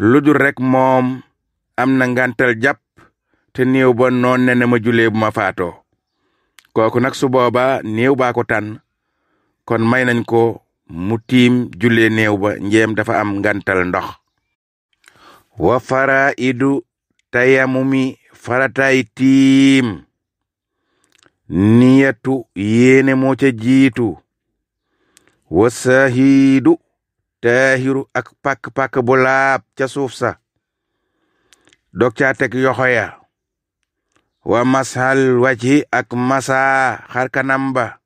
lu rekk moom am na ngantal jàpp te néew ba noon ma julee bu ma faatoo kooku nag su booba néew baa ko tànn kon may nañ ko mu tiim jule néew ba njéem dafa am ngantal ndox wa fara idu tayamumi farataay tiim niyatu yéene moo ca jiitu wa sahiidu taahiru ak pàkk-pàkk bu laab ca suuf sa dog caa teg yoxo ya wa masal wajhi ak masaa xarkanam ba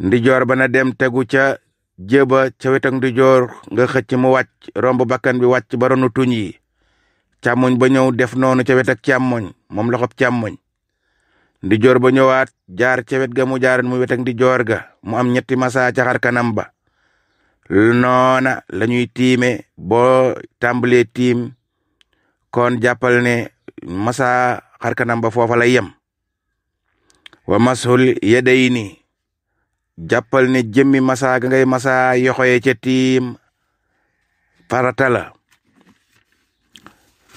ndijoor ba na dem tegu ca jéba ca wetag ndijoor nga xëcc mu wàcc romb bakkan bi wàcc ba ronu tuñ yi càmmoñ ba ñëw def noonu ca wet ak càmmoñ moom loxob càmmoñ ndijoor ba ñëwaat jaar ca wet ga mu jaaroon mu wet ak ndijoor ga mu am ñetti masaa ca xarkanam ba noona la tiime boo tàmbalee tiim kon jàppal ne masa xarkanam ba foofa yem wa masul yaday ni jàppal ne jëmmi masa ga ngay masa yoxoye ca tiim farata la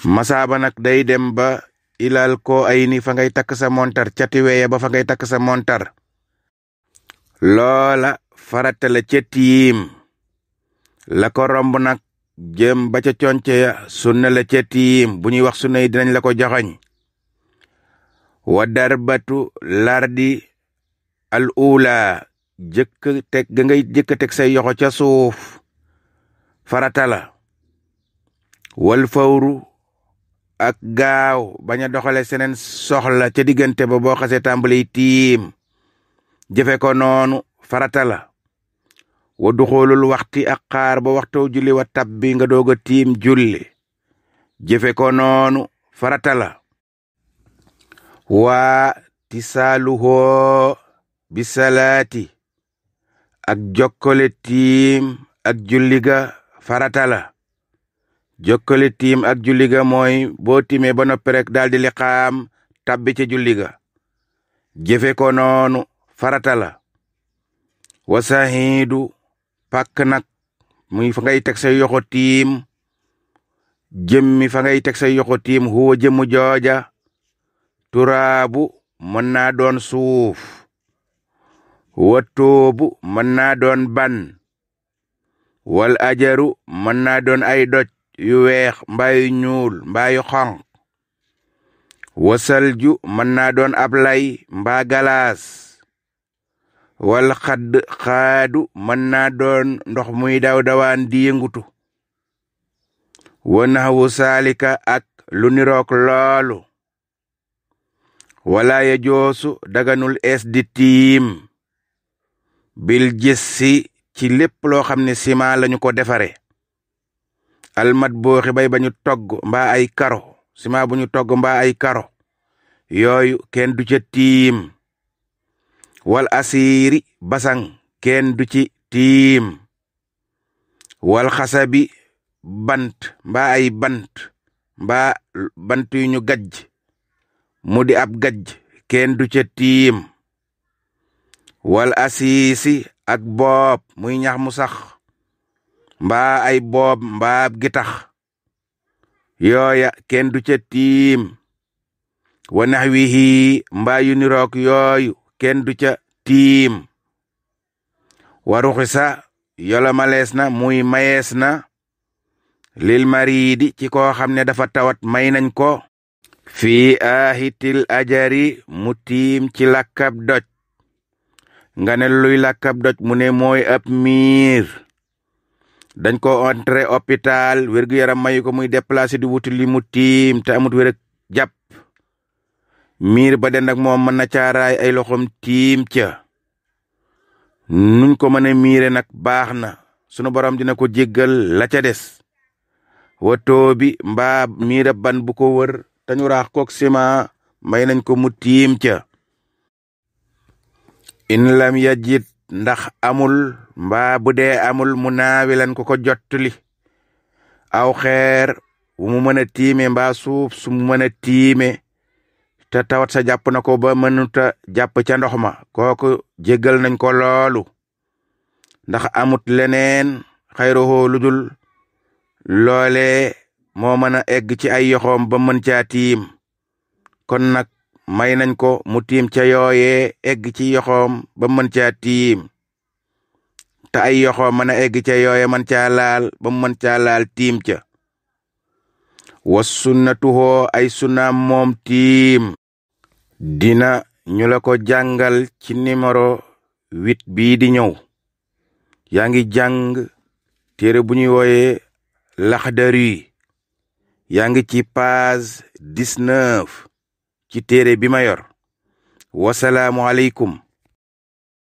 masa ba nag day dem ba ilal ko ay ni fa ngay takk sa montar cati weeye ba fa ngay takk sa montar loola farata la la ko nag jëm ba ca conce ya sunna la ca tiim bu ñuy wax sunna yi dinañ la ko joxoñ wa darbatu lardi al ula jëkk teg say yoxo ca suuf farata la wal fawru ak gaaw baña a doxale seneen soxla ca digante ba boo xasee tàmbali tiim jëfe ko noonu farata la wa duxoolul waxti ak ba waxtoo julli wa tabbi nga doog a tiim julli jëfe ko noonu faratala la waa tisaaluhoo bi salaati ak jokkale tiim ak julli ga farata tiim ak julli ga boo tiimee ba noppi daldi daal di liqaam tabbi ca julli ga jëfe ko noonu farata la wasahiidu pàkk nag muy fa ngay teg say yoxo tiim mi fa ngay teg say yoxo tiim huwa jëmu jooja turaabu mën naa doon suuf wa tóobu mën naa doon ban wal ajaru mën naa doon ay doj yu weex mbaa yu ñuul mbaa yu xonq wasalju mën naa doon ab lay mbaa galaas wala xadd xaadu man naa doon ndox muy daw dawaan di yëngutu wanaxwu saalika ak lu nirook loolu wala ya joosu daganul ees di tiim bil gis ci lépp loo xam ne sima lañu ko defare almat booxi bay bañu togg mbaa ay karo ciment bu ñu togg mbaa ay karo yooyu kenn du ca tiim wal asiiri basang kenn du ci tiim wal xasabi bant mbaa ay bant mbaa bant yu ñu gajj mu di ab gajj kenn du ca tiim wal asiisi ak boob muy ñax mu sax mbaa ay boob mbaa ab gitax yooya kenn du ca tiim wa nax wi mbaa yu niroog yooyu kenn du ca tiim waruxi sa yola na muy mayees na lil mariidi ci koo xam ne dafa tawat may nañ ko fii aaxitil ajari mu tiim ci lakkab doj nga luy lakkab doj mu ne mooy ab miir dañ ko entré hôpital wér yaram mayu ko muy déplacé di wuti li mu tiim te amut wér ak miir ba den moom mën na caaraay ay loxoom tiim ca nuñ ko mën miire nag baax na sunu borom dina ko jéggal la ca des watoo bi mbaa miira ban bu ko wër te ñu raax sima may nañ ko mu tiim ca in lam yajit ndax amul mbaa bu dee amul mu naawi lan ko ko jottali aw xeer wu mu mën a tiime mbaa suuf su mu mën a tiime te tawat sa jàpp na ko ba mënuta jàpp ca ndox ma kooku jéggal nañ ko loolu ndax amut leneen xayruhu lu dul loolee moo mën a egg ci ay yoxoom ba mën caa tiim kon nag may nañ ko mu tiim ca yooyee egg ci yoxoom ba mën caa tiim te ay yoxoom mën a egg ca yooye mën caa laal ba mën caa laal tiim ca wa sunnatuhoo ay sunnaam moom tiim dina ñu la ko jàngal ci numéro huit bii di ñëw yaa ngi jàng téere bu ñuy wooyee Laxdari yaa ngi ci page dix ci téere bi ma yor wasalaamu aleykum